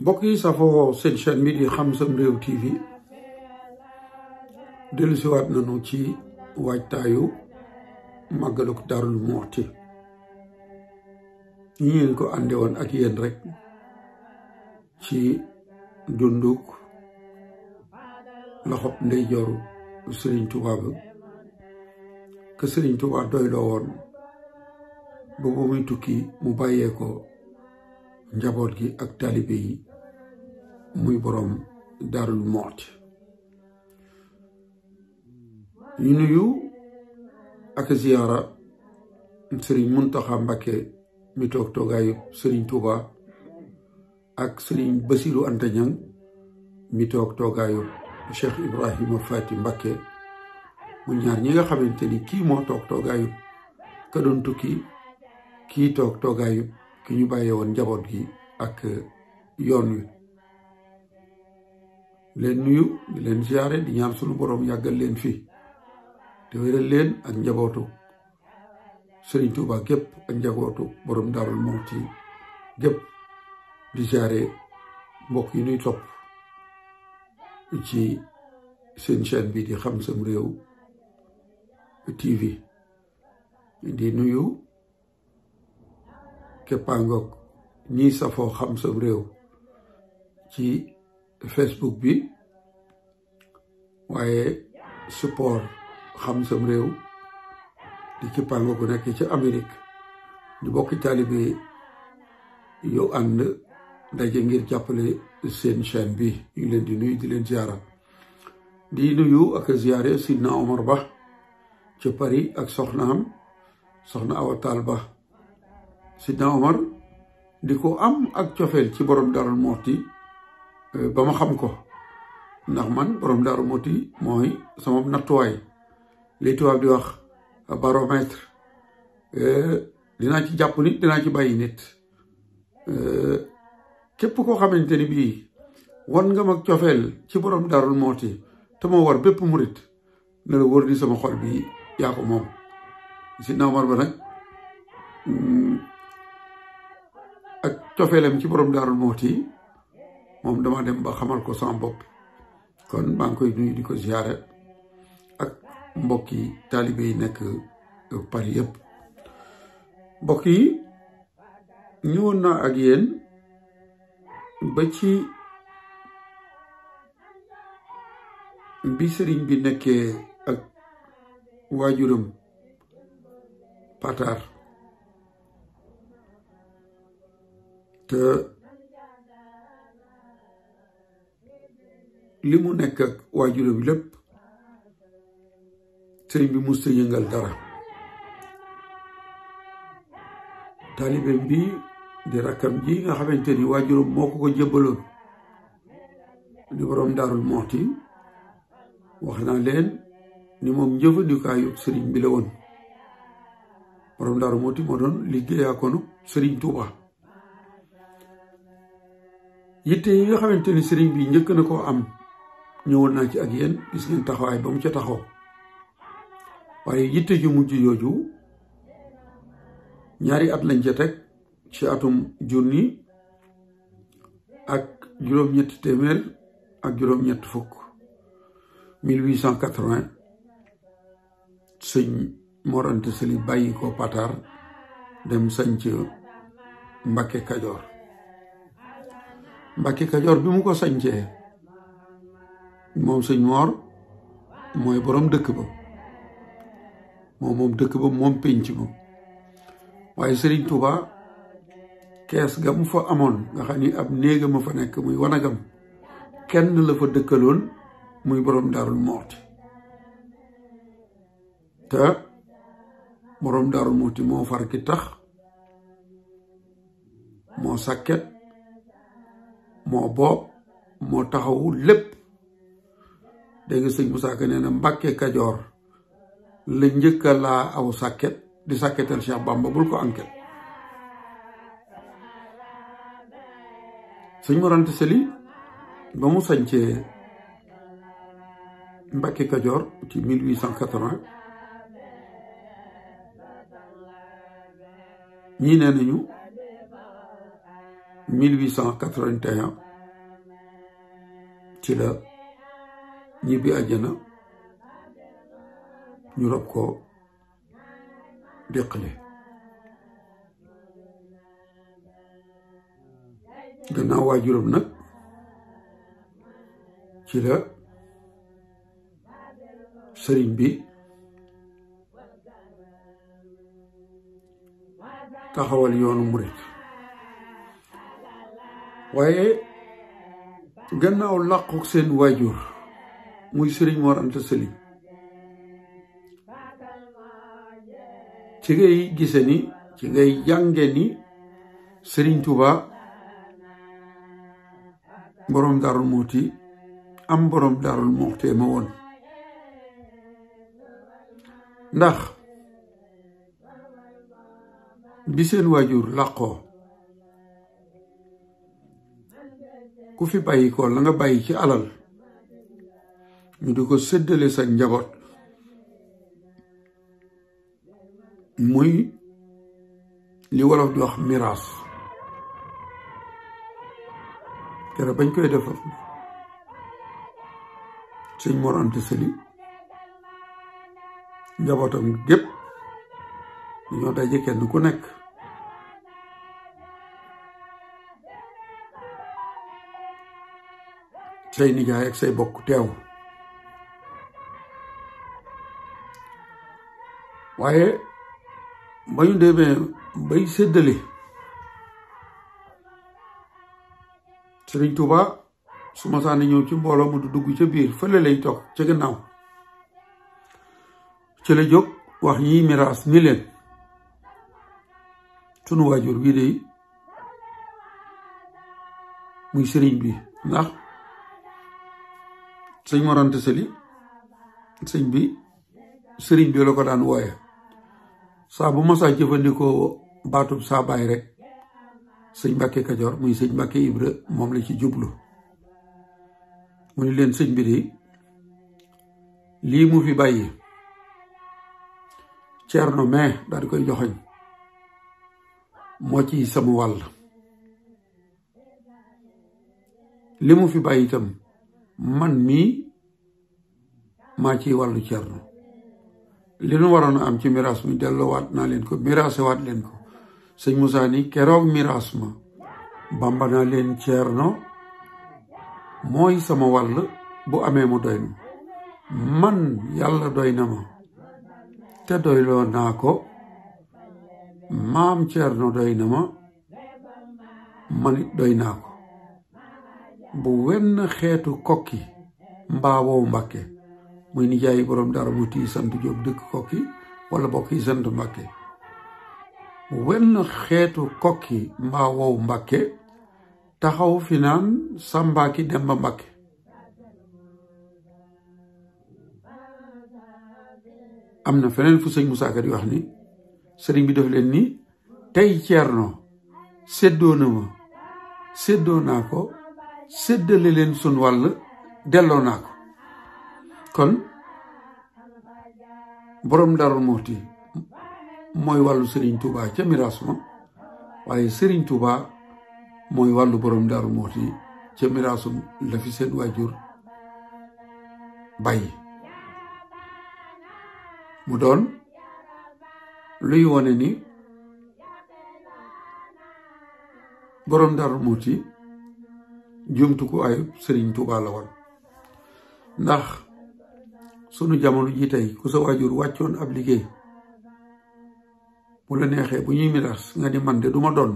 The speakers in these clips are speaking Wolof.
mbokk yi sen chen midi bi di Xam Sam TV dellusiwaat nañu ci waajtaayu màggaluk daru Muxti ñu ko ande woon ak rek ci dunduk loxob ndeyjooru serigne touba ba ke serigne touba doy won bo bo muy tukki mu baye ko njabot gi ak talibe yi muy borom darul mort ñu nuyu ak ziyara serigne Muntaxa Mbàkke mi toga toogaayu serigne touba ak serigne basirou Anta mi toga toogaayu Cheikh Ibrahima Fati Mbakke mu ñaar ñi nga xamante ni kii moo toog toogaayu ka doon tukki kii toog toogaayu ki ñu bàyyee woon njaboot gi ak yoon wi leen nuyu di leen ziare di ñaan sunu boroom yàggal leen fii te wéral leen ak njabootu Sëriñ Tuuba gépp ak njabootu boroom Daarul ci gépp di ziare mbokk yi nuy topp ci seen chaîne bi di xam sam réew TV di nuyu keppaangoog ñii safoo xam sam réew ci Facebook bi waaye support xam sam réew di keppaangoog nekk ci Amérique di bokki taalibe yow ànd ndaje ngir jàppale seen chaîne bi ñu di nuy di len ziara di nuyu ak ziaré sidna Omar Ba ci Paris ak soxnaam soxna awatal Ba sidna Omar di ko am ak tiofel ci borom darul moti eh, ba ma xam ko ndax man borom darul moti moy sama natoy li tubaab di wax euh eh, dina ci japp nit dina ci bayyi nit eh, képp koo xamante ni bii wan nga mag cofeel ci borom Daaru Muxti te moo war bépp murit ne la wër ni sama xol bi yaa ko moom si naamar ba nag mm, ak cofeelam ci borom Daaru Muxti moom dama dem ba xamal ko sama bopp kon maa ngi koy nuyu di ko ziyaare ak mbokki taalibe yi nekk euh, Paris yëpp mbokk yi ñëwoon naa ak yéen ba ci bi sëriñ bi nekkee ak waajuram pataar te li mu nekk ak waajuram lépp sëriñ bi musta dara taalibeem bi di rakam ji nga xamanteni wajuru moko ko jebbalon di borom darul moti waxna len ni mom jëfëndukaay yu serigne bi la won borom darul moti mo don liggéeya ko nu serigne touba yitte yi nga xamanteni serigne bi ñeek na ko am ñewon na ci ak yeen gis ngeen taxaway ba mu ci taxaw waye yitte ju mujju yoju ñaari at lañ ci tek ci atum jurni ak jurom ñetti téeméer ak jurom ñett fuk 1880 señ morante Anta bayyi ko Patar dem ci mbacke kadior mbacke kajor bi mu ko sañcee mom señ Mor moy borom dekk ba mom mom dekk ba mom pénc ba waye touba kees ga mu fa amone nga xani ab neega ma fa nek muy wanagam kenn la fa dekkalon muy borom darun mooti ta borom darun mooti mo far ki tax mo sàkket mo bob mo taxaw lepp de nga nembak Moussa Ka na Mbàkke Kajoor le ñeuk la aw di sàkketal Cheikh Bamba bul ko enquête suñ Mor Anta ba mu sañcee Mbàkke Kajoor ci 1880 ñii nee nañu 1881 ci la ñibbi àjjana ñu rob ko déqale gannaaw waajuram nag ci la sëriñ bi taxawal yoonu murit waaye gannaaw làqu seen waajur muy sëriñ moo Anta Sali ci ngay gise ni ci ngay jànge ni sëriñ Tuubaa borom darul muti am borom darul muhte ma won ndax bi sen wajur laqo ku fi bàyyi ko la nga ci alal ñu di ko séddale sa njabot muy li wolof wax mirage keroog bañ koy defar sëñ Mor Anta Sali njabootam gépp ñoo daje kenn ku nekk say nijaay say bokk teew waaye ba demee bay séddale serigne touba suma sa sànni ñëw ci mbolo mu du dugg ci biir fele lay tok ci gannaaw ci la jóg wax yi mirage ni leen tunu wajur bi de muy serigne bi ndax serigne morante seli, serigne bi serigne bi lako ko daan woyé sa bu ma saa jëfandikoo baatub rek sëñ Mbàkke Kajoor muy sëñ Mbàkke Ibra moom la ci jublu mu ni leen sëñ bi de lii mu fi bàyyi Ceerno mais daal di koy joxoñ moo ci sama wàll li mu fi bàyyi itam man mii maa ci wàllu Ceerno li nu waroon a am ci miraas mi delloowaat naa leen ko waat leen ko sëñ Moussa ni keroog miraas ma bamba naa leen ceerno mooy sama wàll bu amee mu doy na man yàlla doy na ma te doyloo naa ko maam na doy na ma manit doy naa ko bu wenn xeetu kokki mbaawoo mbàkke muy nijaay boroom dara mu tii sant jóob dëkk kokki wala bokk yi sant mbàkke wenn xeetu kokki mbaa wow mbàkke taxaw fi naan sàmbaaki demba mbàkke am na feneen fu sëñ Musaa di wax ni sëriñ bi def leen ni tey ceerno séddoo na ma séddoo naa ko séddale leen sun wàll delloo naa ko kon boroom dara Daaru Muxti mooy wàllu sëriñ Touba ca miraas ma waaye Serigne Touba mooy wàllu borom Daaru Muxti ca miraasum la fi seen waajur bàyyi mu doon luy wone ni borom jumtu Muxti jumtukaayub sëriñ Touba la woon ndax sunu jamono ji tey ku sa waajur wàccoon ab liggéey bu la neexee bu ñuy miras nga ni man de duma ma donn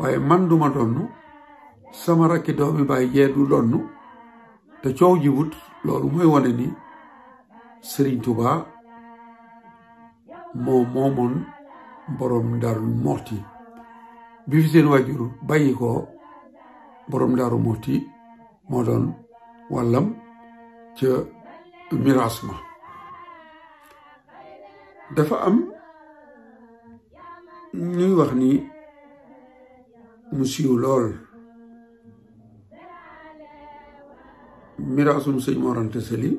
waaye man du ma donn sama rakki doomi baay jee du donn te coow jibut loolu mooy wane ni Sëriñ Tuubaa moo moomoon boroom Daaru Muxti bi fi seen waajur bàyyi ko boroom Daaru Muxti moo doon wàllam ca miraas ma ñuy wax ni mu siiw lool miraasum sëñ Mor Anta Sali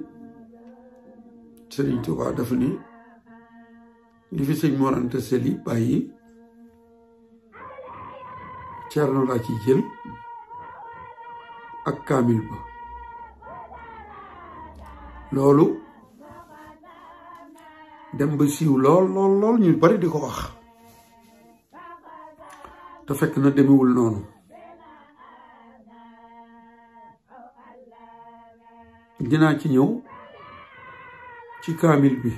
Sëriñ Tuubaa dafa ni li fi sëñ Mor Anta bàyyi Ceerno ci jël ak kaamil ba loolu dem ba siiw lool lool lool ñu bari di ko wax te fekk na demewul noonu dinaa ci ñëw ci kaamil bi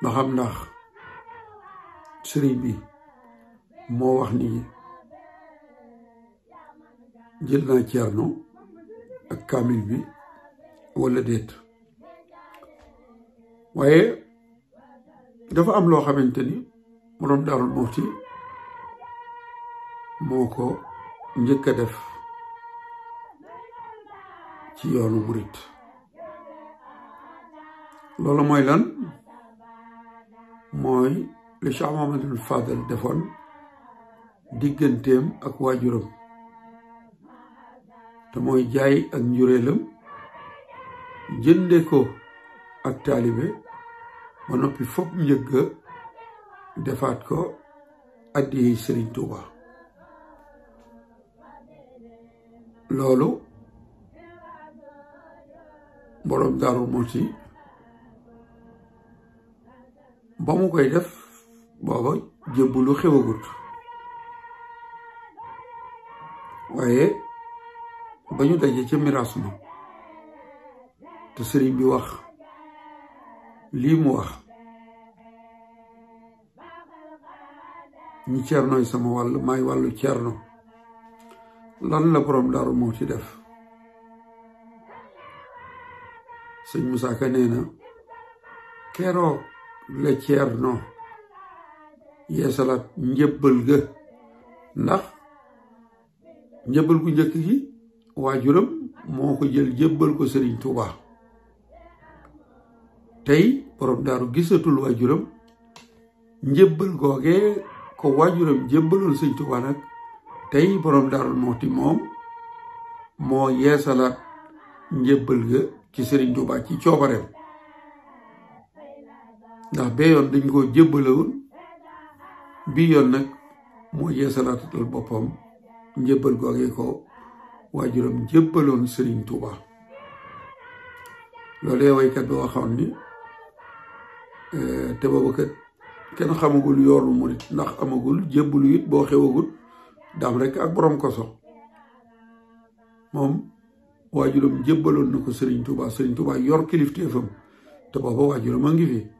ba xam ndax sëriñ bi moo wax ni jël naa ceerno ak kaamil bi walla déet waaye dafa am loo xamante ni borom daarul muxti moo ko njëkka def ci yoonu murit loolu mooy lan mooy li Cheikh Mahamadul Fadal defoon digganteem ak waajuram te mooy jaay ak njureelam jënde ko ak taalibe ba noppi fopp njëgga defaat ko addiyey Sëriñ Tuuba loolu boroom Daaru Muxti ba mu koy def booba jébbalu xewagut waaye ba ñu daje ca miraas ma te sëriñ bi wax lii mu wax ñu ceernooy sama wàll maay wàllu ceerno lan la borom daaru moo ci def sëñ Moussa Ka nee na keroog la ceerno yeesalaat njëbbal ga ndax njëbbal gu njëkk gi waajuram moo ko jël jëbbal ko sëriñ Touba tey a daaru gisatul waajuram njëbbal googee ko waajuram jébbaloon sëñ Tuubaa nag tey boroom Daaru Muxti moom moo yeesalaat njébbal ga ci sëriñ Tuubaa ci coobareem ndax bee yoon dañ koo jébbalewul bii yoon nag moo yeesalaatatal boppam njébbal googee ko waajuram jébbaloon sëriñ Tuubaa loolu yee waykat bi waxoon ni eh, te boobu kat kenn xamagul yoonu murit ndax amagul jébbalu it boo xewagul daam rek ak borom koso moom waajuram jébbaloon na ko Serigne Touba Serigne Touba yor kilifteefam ngi fi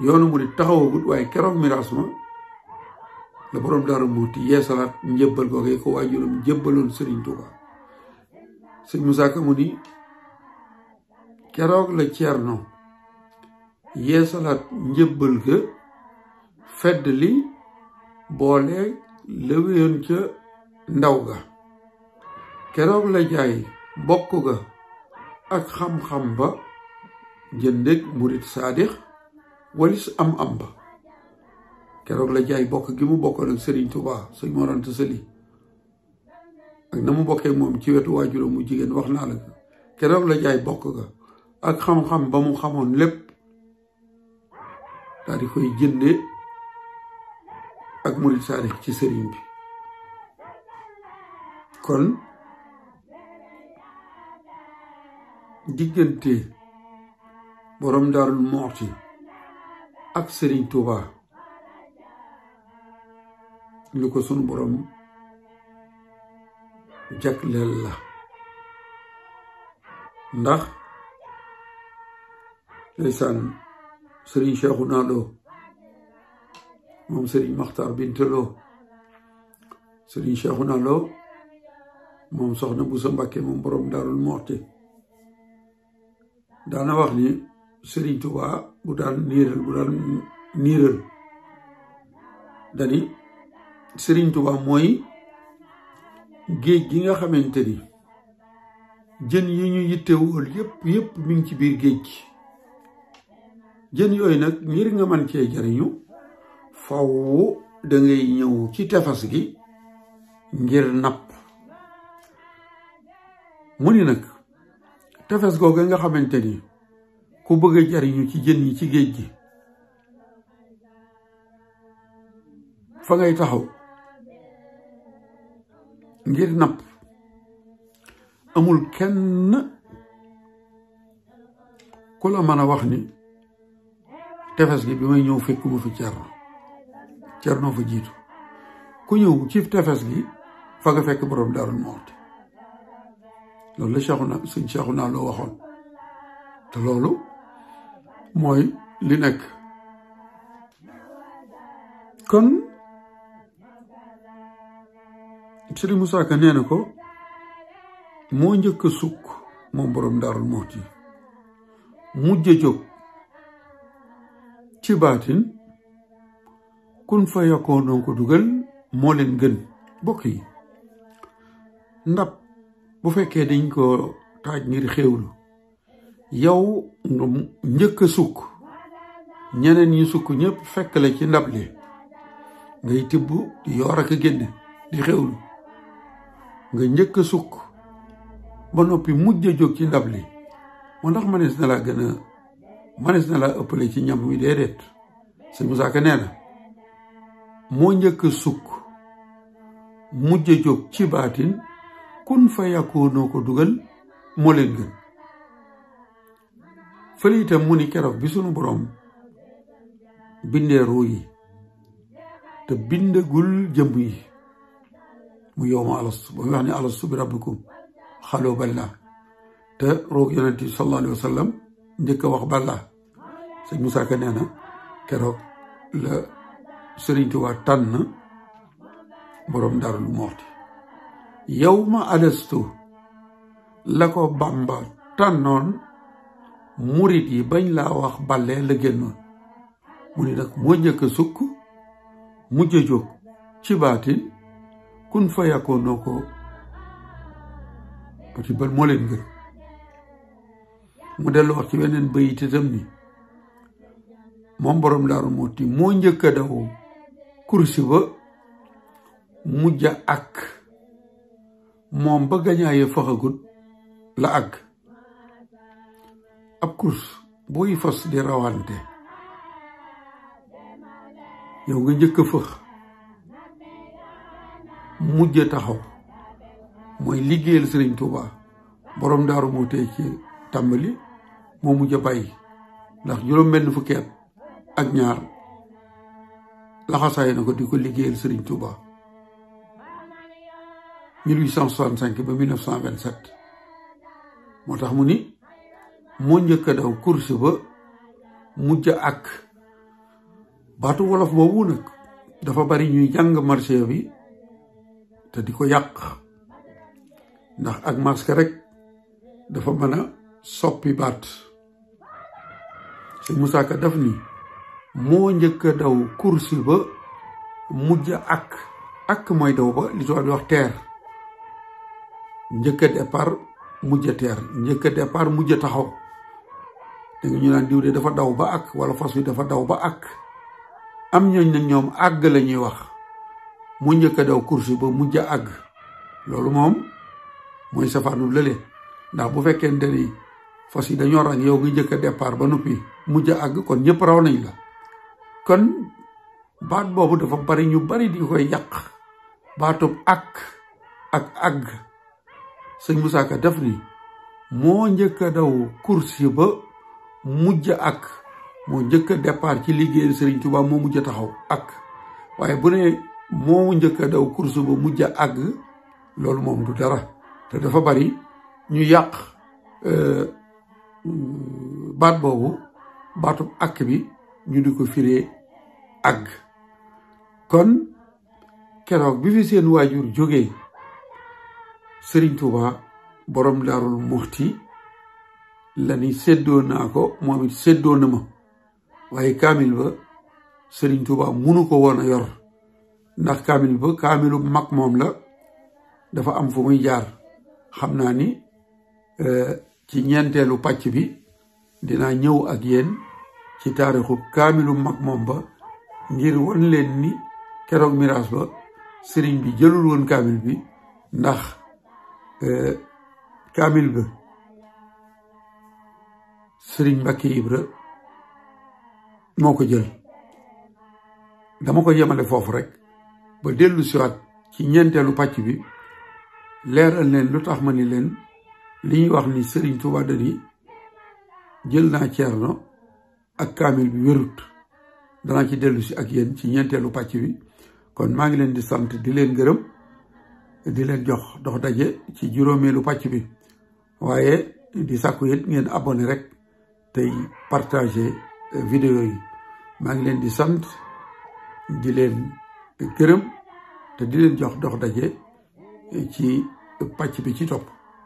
yoonu murit taxawagut waaye keroog miraas ma la borom Daaru Muxti mu ni keroog la Ceerno yeesalaat njëbbal ga fedd li boole lëwéyoon ca ndaw ga keroog la jaay bokk ga ak xam-xam ba jëndeg murit saadix walis am-am ba keroog la jaay bokk gi mu bokkoon ak Sëriñ Tubaa sëñ Morante Sëli ak na mu bokkee moom ci wetu waajuram mu jigéen wax naa la keroog la jaay bokk ga ak xam-xam ba mu xamoon lépp daal di koy jënde ak murid saalix ci sëriñ bi kon diggante borom daarul moxti ak sëriñ Tuuba lu ko sunu borom jagleel la ndax ndeysaan sëriñ Cheikhouna Lo moom sëriñ Makhtar Binte Lo sëriñ Cheikhouna Lo moom soxna Bousso Mbakke moom borom Daarul Muxti daana wax ni sëriñ Tuubaa bu daan niiral bu daan niiral dani sëriñ Tuubaa mooy géej gi nga xamante ni jën yi ñu yittewul yëpp yëpp mi ngi ci biir géej gi jën yooyu nag ngir nga ce jariñu faw da ngay ñëw ci tefas gi ngir napp mu ni nag tefes googu nga xamante ni ku bëgg a jariñu ci jën yi ci géej gi fa ngay taxaw ngir napp amul kenn ku la mën a wax ni tefes gi bi may ñëw fekkuma fi cerno cerno fa jiitu ku ñëw ci tefes gi fa nga fekk borom daarul moxti loolu la seexu waxoon te loolu mooy li nekk kon Sëriñ Musaa Ka nee na ko moo njëkk a sukk moom borom daarul moxti mujj a jóg ci baatin kun fa yokkoon ko dugal moo leen gën bokk yi ndab bu fekkee dañ ko taaj ngir xéewlu yow nga njëkk a sukk ñeneen yi sukk ñëpp fekk la ci ndab li ngay tibb di yoor ak a génne di xéewlu nga njëkk a sukk ba noppi mujj a jóg ci ndab li moo ndax manees na laa gën a manes na la ëpple ci ñam wi déedéet sëñ Musaa Ka nee na moo njëkk sukk mujj a jóg ci baatin kun fa yàkkoonoo ko dugal moo leen gën fële itam mu ni keroog bi sunu boroom bindee ruu yi te bindagul jëmb yi mu yow ma alastu ba mu wax ne alastu bi rabbikum xaloo balla te roog yonent bi sallallahu njëkk a wax balla sëñ Moussa Ka nee keroog la sëriñ tànn boroom Daarul Muxti yow ma alastu la ko Bàmba tànnoon murit yi bañ laa wax balle la génnoon mu ni nag moo njëkk sukk mujj a jóg ci baatin kun fa yàkkoonoo ko moo leen ngir mu delu wax ci benen bayit itam ni mom borom daaru muuti moo njëkk a daw kursi ba ja ak mom ba gañaaye faxagut la ak ab kurs booy fas di rawante yow nga ñeuke a mu je taxaw moy liggeel serigne touba borom daru moo ci tambali mo mu a bàyyi ndax juróom benn fukki at ak ñaar laxasaay na ko di ko liggéeyal Serigne Touba 1865 ba 1927 moo mu ni moo njëkk course ba mujj ak batu wolof boobu nag dafa bari ñuy jàng marché bi te di ko yàq ndax ak masque rek dafa mën soppi baat sëñ Moussa Ka daf ni moo njëkk a daw kursi ba mujj ak ak mooy daw ba li tubaab wax teer njëkk a mujj a teer njëkk a mujj a taxaw da nga ñu naan diw dafa daw ba ak wala fas wi dafa daw ba ak am ñooñ nag ñoom àgg la ñuy wax mu njëkk a daw kursi ba mujj a àgg loolu moom mooy safaanu lële ndax bu fekkente ni fas yi dañoo ràng yow nga njëkk départ ba mujj àgg kon ñëpp raw nañ la kon baat boobu dafa bari ñu bari di koy yàq baatub ak ak àgg sëñ Moussa Ka def ni moo njëkk a daw course yi ba mujj ak moo njëkk départ ci liggéeyal Sëriñ tuba moo mujj taxaw ak waaye bu ne moo njëkk a daw course ba mujj a àgg loolu moom du dara te dafa bari ñu yàq euh, baat boobu baatub àkk bi ñu di ko firee àgg kon keroog bi fi seen waajur jóge sëriñ Tuuba boroom daarul muxti la ni séddoo naa ko moom it séddoo na ma waaye kaamil ba sëriñ Tuuba munu ko woon a yor ndax kaamil ba kaamilu mag moom la dafa am fu muy jaar xam naa ni eh, ci ñeenteelu pàcc bi dina ñëw ak yéen ci taarixu kaamilu mag moom ba ngir won leen ni keroog mirage ba sëriñ bi jëlul woon kaamil bi ndax e, kaamil ba sëriñ Mbàkke Ibra moo ko jël dama ko yemale foofu rek ba dellu siwaat ci ñeenteelu pàcc bi leeral leen lu tax ma ni leen li ñuy wax ni Serigne Touba dani jël naa ceerno ak kaamil bi wérut danaa ci dellusi ak yéen ci ñeenteelu pàcc bi kon maa ngi leen di sant di leen gërëm di leen jox dox daje juróomeelu pàcc bi waaye di sàkku ngeen abonné rek tey partager euh, vidéo yi maa ngi leen di sant di leen te di leen jox dox daje euh, ci pàcc bi ci topp